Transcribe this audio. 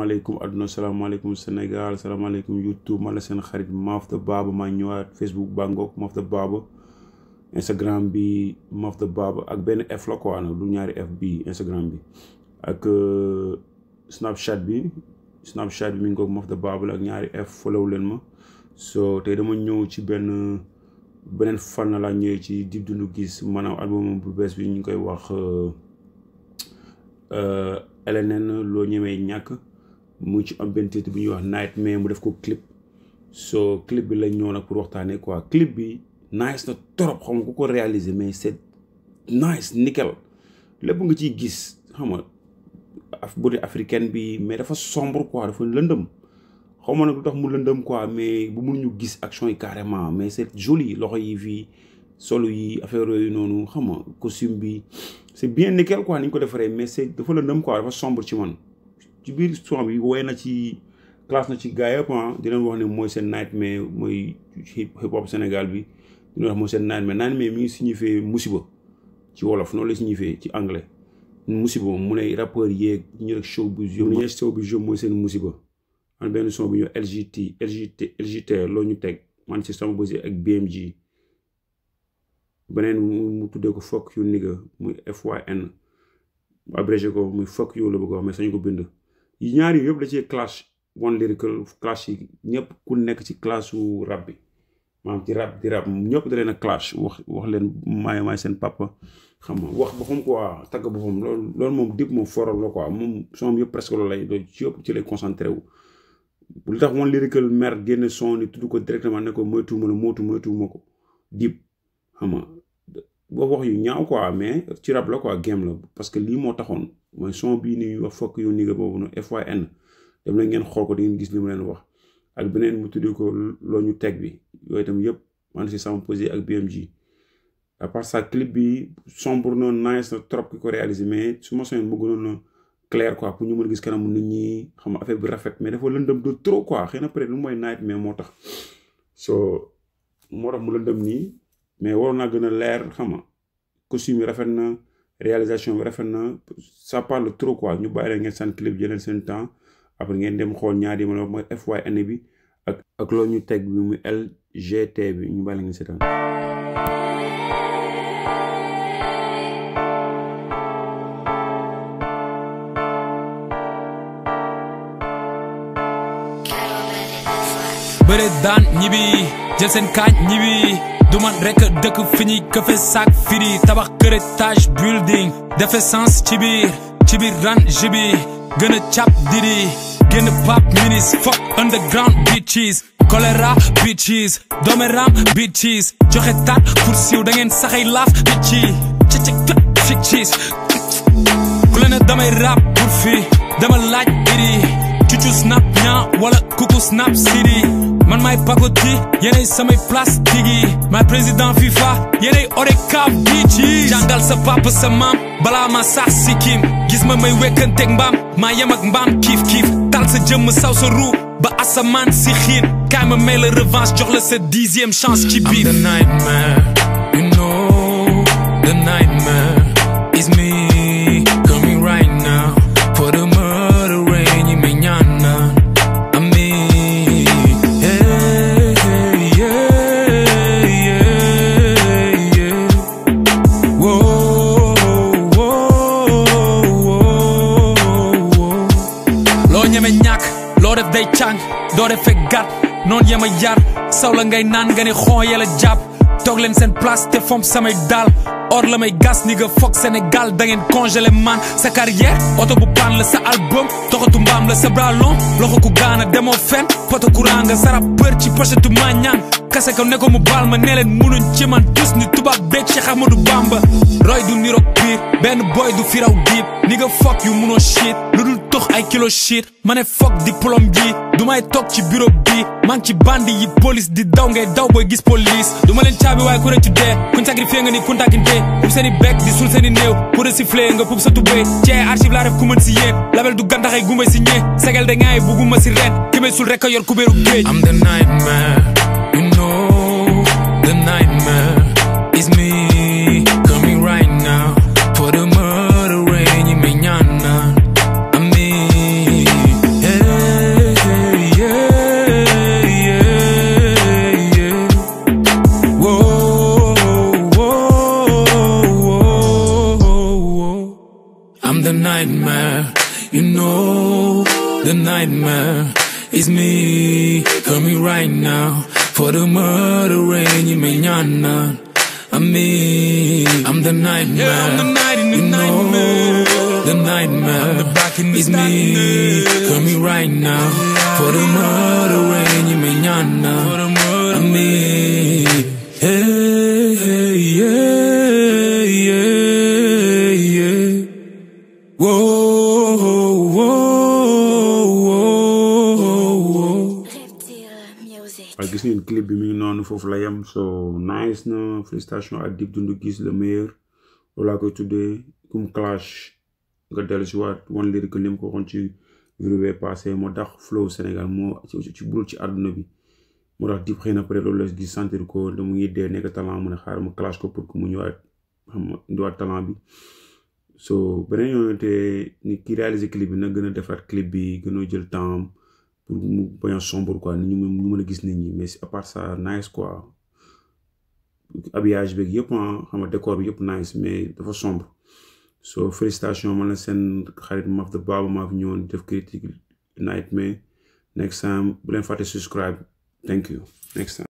salaamaaleykum àdduna salaamaaleykum Sénégal salaamaaleykum YouTube man la seen xarit Mafda Baba maa ñëwaat Facebook bangok Mafda Baba Instagram bi Mafda Baba ak benn F la du ñaari F bi Instagram bi ak euh, Snapchat bi Snapchat bi mi ngi ko Mafda Baba la ak ñaari F follow leen ma so tey dama ñëw ci benn beneen fànn laa ñëwee ci Dip Doundou Guiss maanaam album bu bees bi ñu ngi koy wax. Euh, euh, LNN loo ñemee ñàkk mu ci am benn titre bu ñuy wax mais mu def ko clip so clip bi lañ ñëw nag pour waxtaanee quoi clip bi nice na trop xam nga ku ko réaliser mais c'est nice nickel lépp nga ciy gis xam nga bu dee africaine bi mais dafa sombre quoi dafa lëndëm xaw ma nag lu tax mu lëndëm quoi mais bu mënuñu gis action yi carrément mais c'est joli loxo yi fii solo yi affaire yooyu noonu xam nga costume bi c'est bien nickel quoi ni ñu ko defaree mais c'est dafa lëndëm quoi dafa sombre ci man. ci biir son bi woy na ci classe na ci gars yëpp ah di leen wax ne mooy seen nightmare mooy hip hop Sénégal bi di leen wax mooy seen nightmare nightmare mi ngi signifier musiba ci wolof noonu la signifier ci anglais musiba mu ne rappeurs yeeg ñu rek show bu jëm. ñu show bu jëm mooy seen musiba. man benn son bi ñu LGT LGT LGT loolu ñu teg man si sama bosi ak BMG beneen mu tuddee ko fuck you nigga muy FYN abrégé ko muy fuck you la bëgg wax mais sañu ko bind. ñaar yooyu yëpp da cee clash one lyrical clash yi ñëpp ku nekk ci clash wu rab bi maanaam ci rab di rab ñëpp da leen a clash wax wax leen maay maay seen papa xam nga wax boppam quoi tagg boppam loolu loolu moom dib moom foral la quoi moom son yëpp presque loolu lay doon ci yëpp ci lay concentré wu. bu tax one lyrical mer génne son ni tudd ko directement ne ko moytuwuma la mootu moytuwuma ko dib xam boobu wax yu ñaaw quoi mais ci rab la quoi game la parce que lii moo taxoon mooy son bii ni wax fokk yow ni nga boobu noonu FYN dem la ngeen xool ko di ngeen gis ni mu leen wax ak beneen mu tuddee ko loo ñu teg bi yooyu itam yëpp man si sama posé ak BMG à part ça clip bi sombre na nice na trop ki ko réalisé mais su ma soñoon mu gënoon na clair quoi pour ñu mën a gis kanam nit ñi xam affaire bi rafet mais dafa lëndëm de trop quoi xëy na peut-être lu mooy night mais moo tax so moo tax mu lëndëm nii mais waroon naa gën a leer xam nga costume bi rafet na réalisation bi rafet na ça parle trop quoi ñu bàyyi la ngeen seen clip jëleen seen temps après ngeen dem xool ñaari ma la mooy FYN bi ak ak loolu ñu teg bi muy LGT bi ñu bàyyi la ngeen seetaan bëre daan ñibi jël seen kaaj ñibi du que rek que fini, que fait ça firi tabac building defe sens ci biir ci biir range bi minis fuck underground bitches Cholera, bitches Domeram bitches joxe taat pour da ngeen saxay bitchi ci ci bitches ku rap pour fi dama laaj iri Chuchu, snap nyan, wala kuku snap city man may pagoti yéenay samay place plastique My président FIFA yéenay oreka bichis Jangal sa papa sa maam bala ma sax kim gis ma may mbam, mbaam maa mbam kif kif tal sa jëmm sa ba Asaman si xiin kaay me revanche jox le dixième chance ki the nightmare you know the nightmare is me doo defee gàtt noonu yama jaar saw la ngay naan nga ne xon yàlla jàpp toog leen seen place te fomp samay daal or la may gas ni nga foog Sénégal da ngeen congelé man sa carrière oto bu paan la sa album tu mbaam la sa bras long loxo ku gaana demoo fen poto courant nga sarap peur ci pochette maa ñaan kase ko ne ko mu baal ma ne leen munuñ ci man tus ni tubaab beeg Cheikh Ahmadou Bamba roy du niroog piir benn boy du firaw diib ni nga foog yu munoo shit lu dul dox ay kilo shit ma ne fuck diplôme bi du may toog ci bureau bi maa ngi bandi yi police di daw ngay daw booy gis police du ma leen caabi waaye ku rëccu dee kuñ sacrifié nga ni kuntaakinte pour seen i bekk di suul seen i néew pour recycler nga pub sa tubéy ci ay archive laa def ku mën si yéen label du gàntax ay gumbay si ñee de ngaay bugguma si ren ki may suul rek a géej I'm the nightmare you know the nightmare nightmare. You know, the nightmare is me. Hear me right now for the murdering you mañana. I'm me, I'm the nightmare. Yeah, I'm the night in the you nightmare. Know, the nightmare the is the me. Hear me right now for the murdering you mañana. gis ngeen bi mi ngi noonu foofu la yem so na félicitation ak Dip Doundou Guiss le meilleur loolu laa koy tuddee kum clash nga dellu si waat wan léegi que li mu ko waxoon ci vidéo passé moo tax flow Sénégal moo ci bul ci àdduna bi moo tax Dip xëy na peut être loolu la gis sentir ko da mu ngi dee nekk talent mu ne xaaral mu clash ko pour que mu ñëwaat xam nga talent bi so beneen yoon te ni ki réalisé clip bi nag gën a defar clip bi gën a jël temps pour mu bañ ni ñu ñu a gis nit ñi mais à part ça nice quoi habillage beeg yëpp ah xam nga décor bi yëpp nice mais dafa sombre so félicitation man la seen xarit Maf da Baba maa fi ñëwoon def critique night mais next time bu leen fàtte subscribe thank you next time